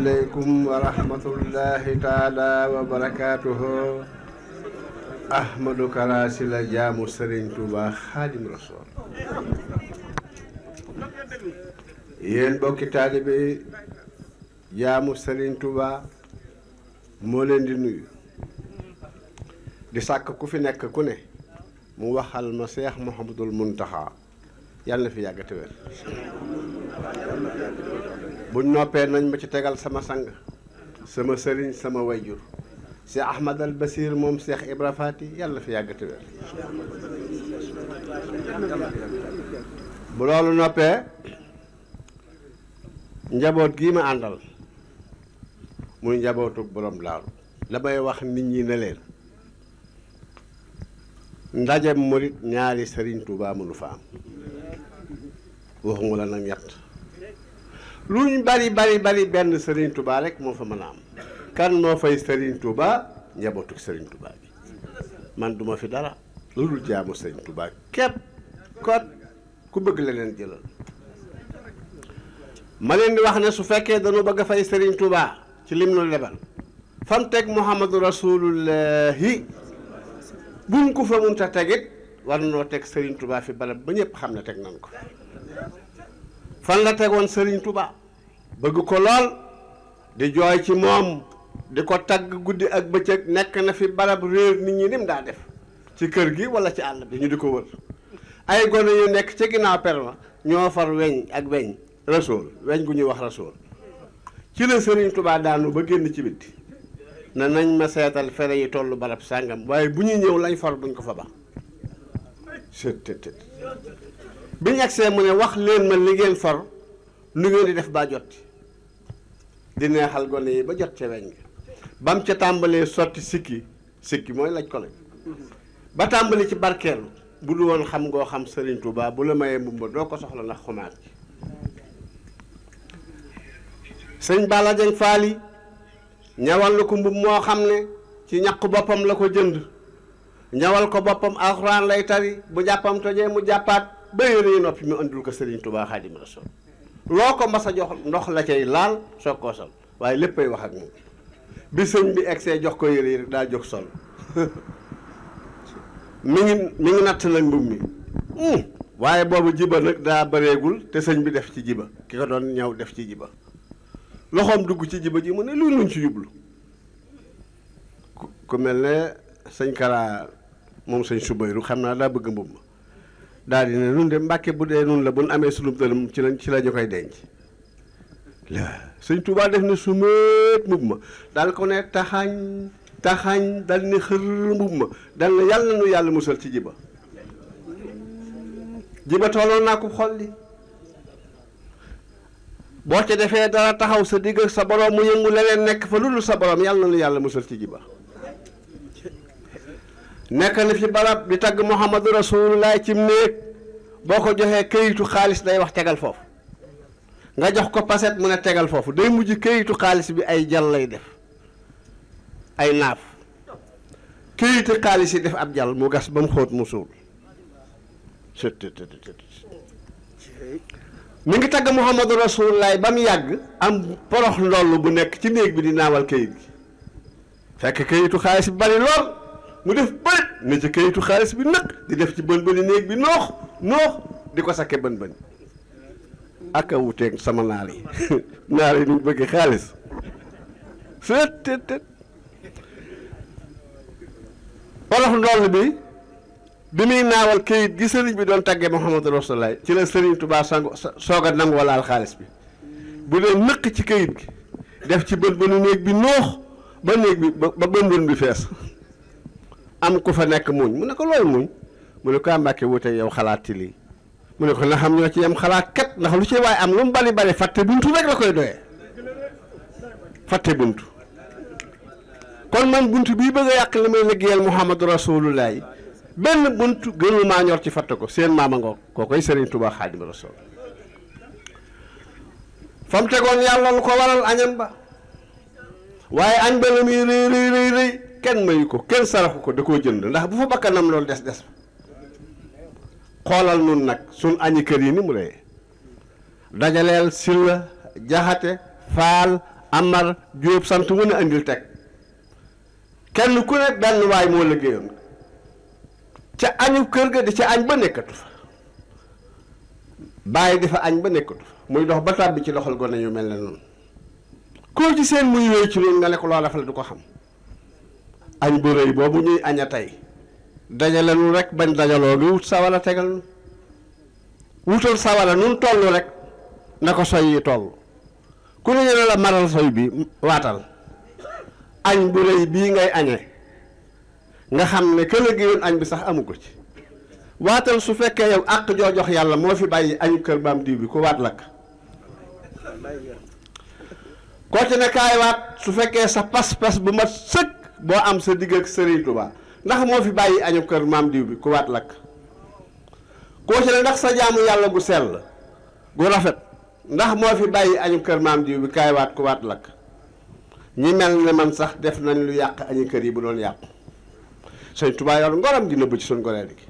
aleykum wa rahmatullahi taala wa barakaatuhu ahmadou kara jaamu sëriñ tuuba xaadim rasool yéen bokki taalibe jaamu sëriñ tubaa moo leen di nuyu di sàkk ku fi nekk ku ne mu waxal ma seex muhammadul muntaxa yàlla na fi yàgg te wér bu noppee nañ ma ci tegal sama sang sama sëriñ sama wayjur si Ahmad al Basir moom seex Ibra Fati yàlla fi yàgg te bu loolu noppee njaboot gii ma àndal mu njabootu borom laalu damay wax nit ñi ne leen ndaje murit ñaari sëriñ Tuubaa mënu fa am waxuma la nag ñett lu ñu bari bari bari benn sëriñ Touba rek moo fa mën a am kan moo fay sëriñ Touba njabootu sëriñ tubaa bi man duma fi dara lu dul jaamu Serigne Touba képp kon ku bëgg la leen jëlal ma leen di wax ne su fekkee dañu bëgg a fay sëriñ Touba ci lim nu lebal fan teg Muhammadu Rasulullahi buñ ko fa munta tegit war noo teg Serigne tubaa fi barab ba ñëpp xam ne teg nan ko fan la tegoon sëriñ tubaa bëgg ko lool di jooy ci moom di ko tagg guddi ak bëccëg nekk na fi barab réer nit ñi nim daa def ci kër gi walla ci àll bi ñu di ko wër ay gone yu nekk ci ginnaaw perma ñoo far weñ ak weñ rasool weñ gu ñuy wax rasool ci la sëriñ Tuubaa daanu ba génn ci bitti na nañ ma seetal fere yi tollu barab sàngam waaye bu ñuy ñëw lañu far buñ ko fa ba sët tët bi ñu mu ne wax leen ma li ngeen far lu ngeen di def baa jotti di neexal gone yi ba jot ca weñ nga ba mu ca tàmbalee sotti sikki sikki mooy lañ ko laj ba tàmbali ci barkeelu bu du woon xam ngoo xam sëriñ Touba bu la mayee mbumba doo ko soxla ndax xumaat ci sëñ Balla Dieng Fall yi ñawal na ko mbub moo xam ne ci ñàkk boppam la ko jënd ñawal ko boppam alxuraan lay tari bu jàppam tojee mu jàppaat ba yére yi noppi mu andul ko sëriñ Touba Xaadimu Rasuul loo ko mbasa jox ndox la cay laal soog koo sol waaye léppay wax ak moom bi sëñ bi see jox ko yére yi daa jóg sol mi ngi mi ngi natt nag mbubb mi hmm. waaye boobu jiba nag daa bareegul te sëñ bi def ci jiba ki ko doon ñëw def ci jiba loxoom dugg ci jiba ji mu ne lu luñ ci jublu ku mel ne sëñ Kara moom sëñ Subayru xam naa daa bëgg mbubb ma daal di ne nun de mbàkke bu dee nun la bu nu amee sunub dëlum ci lañ ci la ñu koy denc la sëñ Tuubaa def ne su mbubb ma daal ko ne taxañ taxañ dal ne xër mbubb ma dal ne yàlla nu yàlla musal ci jiba jiba tolloon naa ko xol li boo ci defee dara taxaw sa digg sa borom mu yëngu leneen nekk fa lu dul sa borom yàlla nu yàlla musal ci jiba nekk na fi barab di tagg muhammadu rasulullah ci néeg boo ko joxee këyitu xaalis day wax tegal foofu nga jox ko paset mu ne tegal foofu day mujj këyitu xaalis bi ay jal lay def ay naaf këyitu xaalis yi def ab jal mu gas ba mu xóot mu suul mi ngi tagg muhammadu rasulullah ba mu yàgg am porox ndoll bu nekk ci néeg bi di naawal këyit gi fekk këyitu xaalis bi bari lool mu def bëri ne ci kayitu xaalis bi nag di def ci bën bëni néeg bi noox noox di ko sakke bën bëni ak a wuteeg sama naar yi naar yi nuñ bëggee xaalis seet teet teet wolof bi bi muy naawal kayit gi sëriñ bi doon tàggee Muhammadu Rasulaay ci la sëriñ Tuubaa sango soog a nangu walaal xaalis bi bu dee nëq ci kayit gi def ci bën bënu néeg bi noox ba néeg bi ba bën bën bi fees am ku fa nekk muñ mu ne ko loolu muñ mu ne ko ah, Mbàkke wuute yow xalaati lii mu ne ko na xam ñoo ci yam xalaat kat ndax lu ci waaye am lu mu bari bari fàtte buntu rek la koy doyee fàtte buntu kon man bunt bii bëgg a yàq li may liggéeyal Muhammadu Rasulullah benn bunt gënul maa ñor ci fàtte ko seen maama ngoog koo koy Sëriñ Tuubaa Xaadimu Rasuul fam tegoon yàlla lu ko waral añam ba waaye añ ba la muy kenn mayu ko kenn saraxu ko da koo jënd ndax bu fa bakkanam loolu des des xoolal nun nag sun añi kër yi ni mu lay dajaleel silla jaxate faal amar jóob sant mu ne andil teg kenn ku ne benn moo liggéeyoon ca añu kër ga di ca añ ba nekkatu fa bàyyi di fa añ ba nekkatu fa muy dox ba tàbbi ci loxol gone yu mel ne noonu koo ci seen muy wéy ci loolu nga ne ko loo defal du ko xam añ bu rëy boobu ñuy aña tey dajale nu rek bañ dajaloo lu wut sawala tegal nu wutal sawala nun toll rek na ko soy yi toll ku ne ñu la maral soy bi waatal añ bu rëy bii ngay añe nga xam ne këla gi yoon añ bi sax amu ko ci waatal su fekkee yow àq joo jox yàlla moo fi bàyyi añu kër baam diw bi ku waat lakk koo ci ne waat su fekkee sa pas-pas bu ma sëkk boo am sa digg ak Serigne Touba ndax moo fi bàyyi añu kër maam diw bi ku waat lakk koo ci ndax sa jaamu yàlla gu sell gu rafet ndax moo fi bàyyi añu kër maam diw bi kaay waat ku waat lakk ñi mel ne man sax def nañ lu yàq añu kër yi bu doon yàqu Serigne Touba yoon ngoram gi nëbb ci suñ goreel gi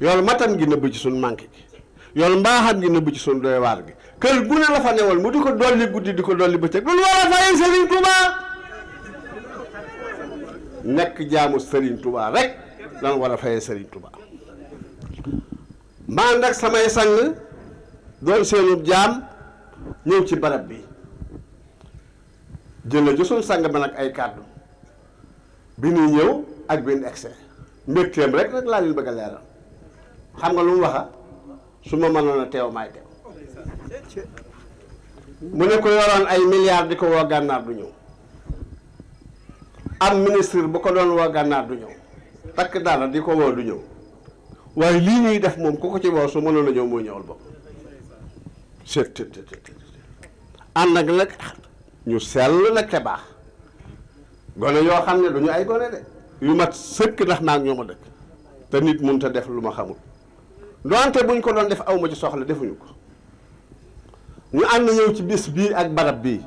yoon matam gi nëbb ci suñ manqué gi yoon mbaaxam gi nëbb ci suñ doy waar gi kër bu ne la fa newoon mu di ko dolli guddi di ko dolli bëccëg loolu war a fay Serigne nekk jaamu Serigne Touba rek lan war a fayee Serigne tubaa maa nag samay sang doon seenu jaam ñëw ci barab bi jële ju jësul sang ba nag ay kàddu bi ñuy ñëw ak bi ñu egsee mbégteem rek rek laa leen bëgg a xam nga lu mu waxa ah? su ma mënoon teew maay teew mu ne ko yoroon ay milliards di ko woo gànnaar du ñëw am ministre bu ko doon woo gànnaar du ñëw takk daala di ko woo du ñëw waaye lii ñuy def moom ku ko ci woo su mënoon a ñëw moo ñëwal bopp seet ànd ak nag ñu sell nag te baax gone yoo xam ne du ñu ay gone de yu mat sëkk ndax naag ñoo ma dëkk te nit mënut a def lu ma xamul doonte buñ ko doon def awma ci soxla defuñu ko ñu ànd ñëw ci bis bii ak barab bii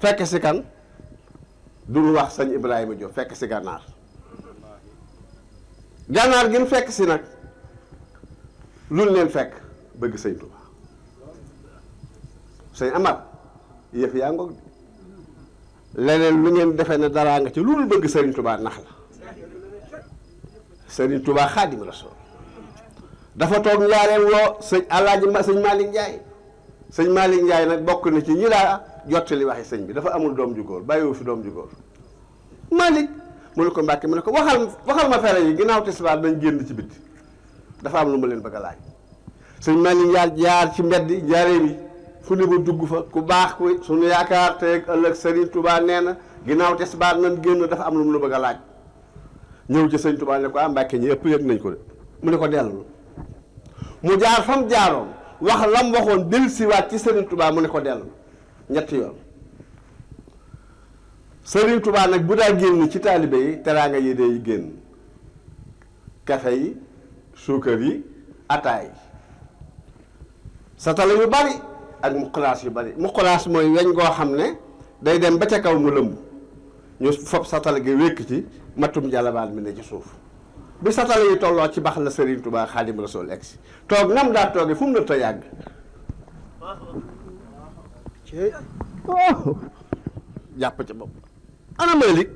fekk si kan duñu wax sëñ Ibrahima Diop fekk si gànnaar gànnaar gi mu fekk si nag lu leen fekk bëgg sëñ Touba sëñ Amar yëf yaa ngoog leneen lu ngeen defee ne daraa nga ci lu dul bëgg sëriñ Touba nax la sëriñ tubaa Xaadimu Rasuul dafa toog ñaareel woo sëñ Alaaji sëñ Malick Ndiaye sëñ Malick Ndiaye nag bokk na ci ñi daa li jottali waxi sëñ bi dafa amul doom ju góor bàyyiwu fi doom ju góor Malick mu ne ko Mbàkke mu ne ko waxal waxal ma fere yi ginnaaw tisbaar nañ génn ci bitti dafa am lu ma leen bëgg a laaj sëñ Malick njaar jaar ci mbedd njaareem yi fu ne ba dugg fa ku baax ku suñu yaakaar te ëllëg Serigne tubaa nee na ginnaaw tisbaar nan génn dafa am lu mu la bëgg a laaj ñëw ci sëñ Touba ne ko ah Mbàkke ñi ëpp yëg nañ ko de mu ne ko dellu mu jaar fam jaaroon wax lam waxoon dellusiwaat ci Serigne Touba mu ne ko dellu ñetti yoon Sëriñ Tuubaa nag bu daa génn ci taaliba yi teraanga yi day génn kafe yi suukar yi ataay yi satala yu bari ak muqalaas yu bari muqalaas mooy weñ goo xam ne day dem ba ca kaw mu lëmb ñu fob satala gi wékk ci matum jalabaan mi ne ci suuf bi satala yi tolloo ci bax la Sëriñ Tuubaa Xaadimu Rasuul si toog nam daa toogee fu mu la yàgg waaw oh. jàpp ca bopp ana Malick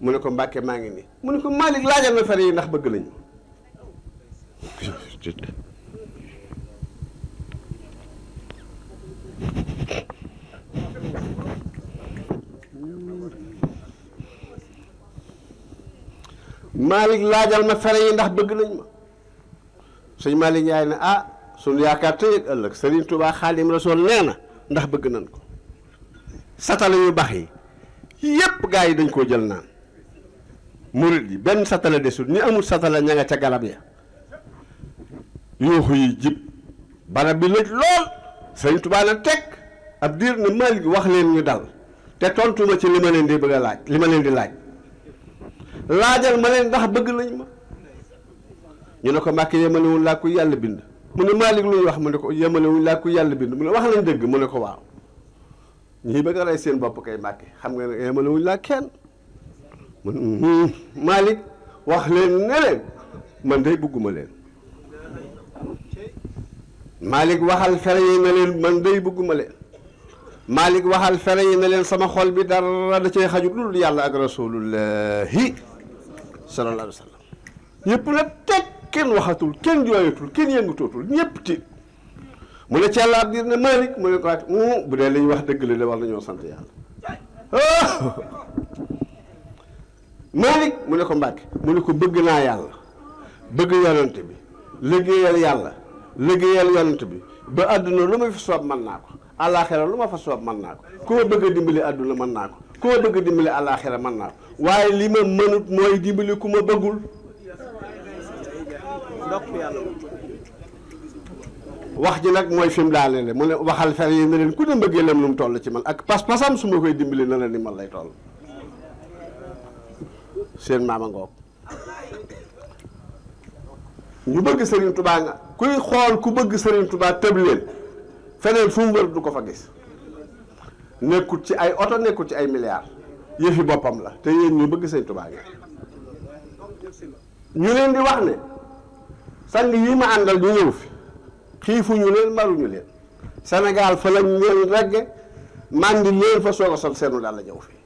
mu ne ko Mbàkke maa ngi nii mu ne ko Malick laajal na fere yi ndax bëgg lañu Malick laajal ma fere yi ndax bëgg nañ ma sëñ Malick ñaay ne ah sunu yaakaar tey ëllëg Serigne tubaa Xaadim Rasuul nee na ndax bëgg nañ ko satala yu bax yi yépp gaa yi dañ koo jël naan murit yi benn satala desul ñi amul satala ña nga ca galab ya yooxu yi jib barab bi lëj lool sëñ Tuubaa na teg ab diir na Maalik wax leen ñu dal te tontuma ci li ma leen di bëgg laaj li ma leen di laaj laajal ma leen ndax bëgg nañ ma ñu ne ko màkk yee ma ne woon laa ko yàlla bind mu ne Malick lu ñu wax mu ne ko yemale wuñ laa ko yàlla bind mu ne wax nañ dëgg mu ne ko waaw ñii bëgg a rey seen bopp kay Mbàkke xam nga ne yemale wuñ laa kenn mu ne hmm, Malick wax leen ne leen man day bugguma leen Malick waxal fere yi na leen man day bugguma leen Malick waxal yi na leen sama xol bi dara da cee xaju dul yàlla ak rasulullahi sallallahu alayhi wa sallam teg kenn waxatul kenn jooyatul kenn yëngatootul ñëpp tiit mu ne cellaat ngir ne Malick mu ne ko ak bu dee li ñu wax dëgg la de war nañoo sant yàlla Malick mu ne ko Mbàkke mu ne ko bëgg naa yàlla bëgg yonent bi liggéeyal yàlla liggéeyal yonent bi ba àdduna lu ma fi soob mën naa ko àllaaxira lu ma fa soob mën naa ko koo bëgg a dimbali àdduna mën naa ko koo bëgg a dimbali àllaaxira mën naa ko waaye li ma mënut mooy dimbali ku ma bëggul wax ji nag mooy fi mu daanele mu ne waxal fer yi ne leen ku ne mbëggeelam lu mu toll ci man ak pas-pasam su ma koy dimbali na la ni man lay toll seen maama ñu bëgg Serigne tubaa nga kuy xool ku bëgg Serigne Touba tëb leen feneen fu wër du ko fa gis nekkut ci ay oto nekkut ci ay milliards yëfi boppam la te yéen ñu bëgg Serigne tubaa nga ñu leen di wax ne. sang yi ma àndal ñu ñëw fi xiifuñu leen maruñu leen Sénégal fa lañ leen regge màndi leen fa soog a sol seenu daal la ñëw fi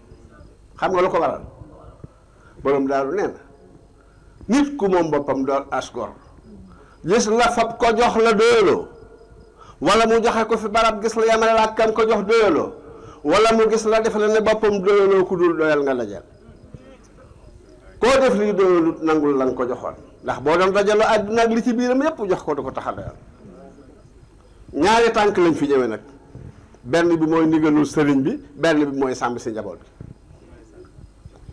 xam nga lu ko waral borom daalu nee na nit ku moom boppam doon asgor gis la fab ko jox la doyaloo wala mu joxe ko fi barab gis la yamale laa kam ko jox doyaloo wala mu gis la def la ne boppam doyaloo ku dul doyal nga dajal koo def lii doyalut nangul la nga ko joxoon ndax boo doon dajale àdduna ak li ci biiram yépp jox ko du ko tax a ñaari tànk lañ fi ñëwee nag benn bi mooy ndigalul sëriñ bi benn bi mooy sàmb si njaboot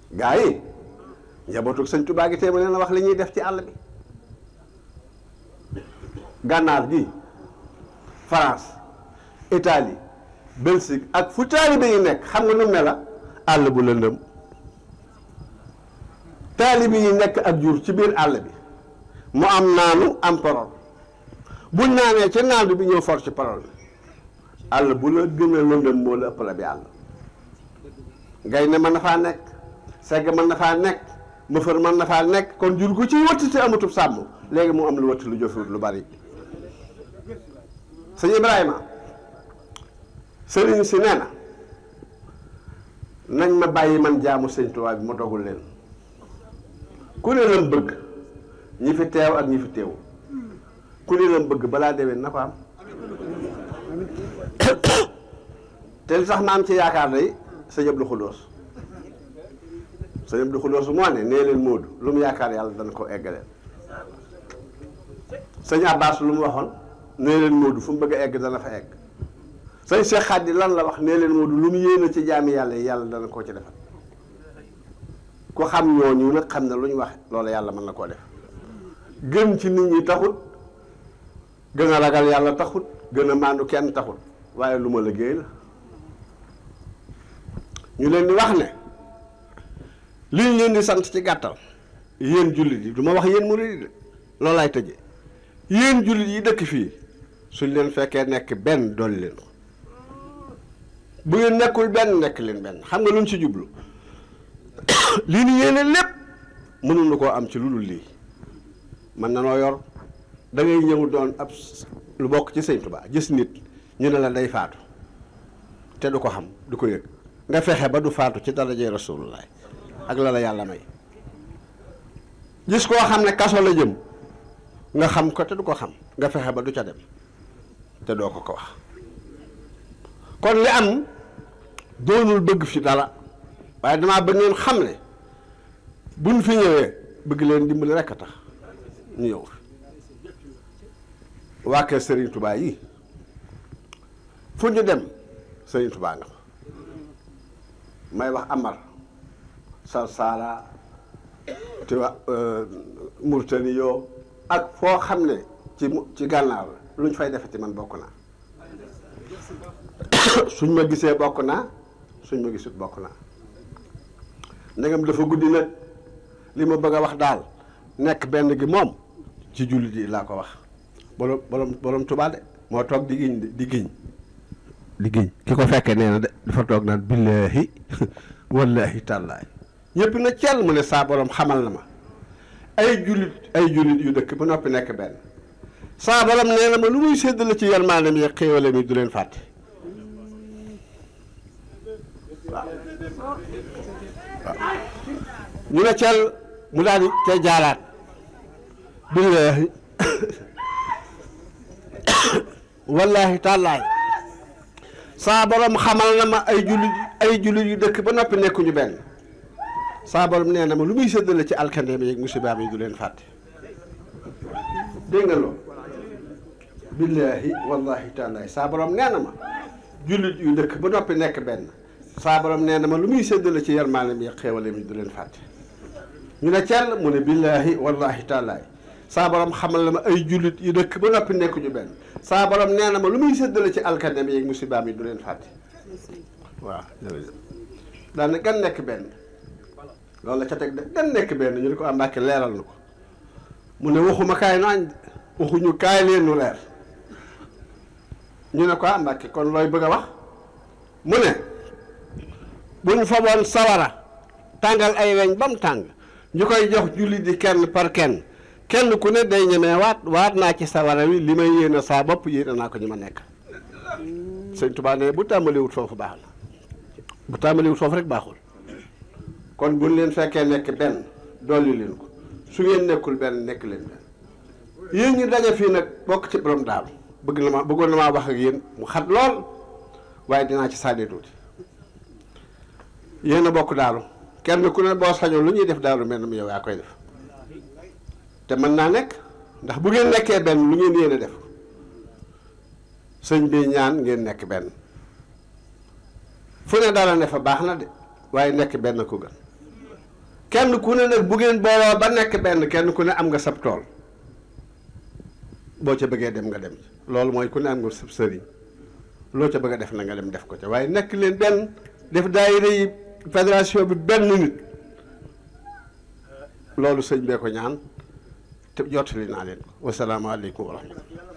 bi gaa njabootuk sëñ Tuubaa gi téema leen a wax li ñuy def ci àll bi gànnaar gi France Italie Belgique ak fu taalibe yi nekk xam nga nu mel la àll bu lëndam taalibe yi nekk ak jur ci biir àll bi mu am naanu am parole buñ naanee ca naanu bi ñëw for ci parole àll bu la gën a lëndëm moo la ëppale bi àll gaynde mën na faa nekk segg mën na faa nekk mëfër mën na faa nekk kon jur gu ci wëtt te amatub sàmm léegi mu am lu wëtt lu jofewut lu bari sëñ Ibrahima sëriñ si nee nañ ma bàyyi man jaamu sëñ Tuubaa bi ma dogul leen ku ne lam bëgg ñi fi teew ak ñi fi teew ku li lam bëgg balaa déwén na ko am te li tax ma am ci yaakaar day sëñ Abdou Khoudous sëñ Abdou Khoudous moo ne nee leen Moodu lu mu yaakaar yàlla dana ko eggaleel sëñ Abbas lu mu waxoon nee leen Moodu fu mu bëgg a egg dana fa egg sëñ Cheikh Khady lan la wax nee leen Moodu lu mu yéene ci jaami yàlla yi yàlla dana koo ci defal ku xam ñooñu nag xam ne lu ñu wax loolu yàlla mën na koo def gën ci nit ñi taxut gën a ragal yàlla taxut gën a maandu kenn taxut waaye lu ma liggéey la ñu leen di wax ne lii ñu leen di sant ci gàttal yéen jullit yi du ma wax yéen murid yi de loolaay tëjee yéen jullit yi dëkk fii suñ leen fekkee nekk benn dolli leen ko bu ngeen nekkul benn nekk leen benn xam nga luñ ci jublu lii ni yéene lépp mënuñu koo am ci lu dul lii mën na noo yor dangay ngay ñëw doon ab lu bokk ci sëñ Tuubaa gis nit ñu ne la day faatu te du ko xam du ko yëg nga fexe ba du faatu ci darajee rasulullah ak la la yàlla may gis koo xam ne kaso la jëm nga xam ko te du ko xam nga fexe ba du ca dem te doo ko ko wax kon li am doonul bëgg fi dara waaye damaa bëgg ngeen xam ne buñ fi ñëwee bëgg leen dimbali rekk a tax ñu yow waa kër Serigne Touba yi fu ñu dem Serigne Touba nga fa may wax amal Sal Sala te wa yoo euh, ak foo xam ne ci ci gànnaaw lu ñu fay defati man bokk naa suñ ma gisee bokk naa suñ ma gisut bokk naa ndegam dafa guddi nag li ma bëgg a wax daal nekk benn gi moom. ci jullit yi laa ko wax borom borom borom Tuubaa de moo toog di giñ di giñ ki ko fekkee nee na de dafa toog naan billaahi wallaahi tàllaahi ñëpp na cell mu ne saa borom xamal na ma ay jullit ay jullit yu dëkk ba noppi nekk benn saa borom ma lu muy séddale ci yërmaande mi xéewale mi du leen fàtte waaw ne cell mu daal di ca billaahi wallaahi tàllaay saa borom xamal na ma ay jullit ay jullit yu dëkk ba noppi nekkuñu benn saa borom nee na ma lu muy séddale ci alkandeem yeeg musibaam yi du leen fàtte dégg nga loolu billaahi wallaahi tàllaay saa borom ma jullit yu dëkk ba noppi nekk benn saa borom nee na ma lu muy séddale ci yermaaneem yeeg xéewaleem yi du leen fàtte ñu ne cell mu ne billaahi wallaahi tàllaay saa xamal la ma ay jullit yu dëkk ba noppi nekkuñu ñu benn saa nee na ma lu muy séddale ci alkaneem yeeg musibaam yi du leen fàtte waaw jërëjëf daana gan nekk benn loolu la ca teg de gan nekk benn ñu ne ko am ah, Mbàkke leeral na ko mu ne waxuma kaay naañ waxuñu kaay leen leer ñu ne ko am ah, Mbàkke kon looy bëgg a wax mu ne buñ fa boon sawara tàngal ay weñ ba mu tàng ñu koy jox jullit di kenn par kenn kenn ku ne day ñemee waat waat naa ci sawara wi li may yéene saa bopp yéene naa ko ñu ma nekk sëñ Tuubaa ne bu tàmbaliwut foofu baax na bu tàmbaliwut foofu rek baaxul kon buñ leen fekkee nekk benn dolli leen ko su ngeen nekkul benn nekk leen benn yéen fii nag bokk ci borom daal bëgg na ma bëggoon na maa wax ak yéen mu xat lool waaye dinaa ci sànni tuuti yéen a bokk daalu kenn ku ne boo sañoon lu ñuy def daalu mel na mu yow yaa koy def te mën naa nekk ndax bu ngeen nekkee benn lu ngeen yéene def sëñ bi ñaan ngeen nekk benn fu ne dara ne fa baax na de waaye nekk benn ko gën kenn ku ne nag bu ngeen booloo ba nekk benn kenn ku ne am nga sab tool boo ca bëggee dem nga dem loolu mooy ku ne am nga sab sëriñ loo ca bëgg def na nga dem def ko ca waaye nekk leen benn def daayira yi fédération bi benn nit loolu sëñ bee ko ñaan te jottali naa leen wasalaamaaleykum wa rahmatulah.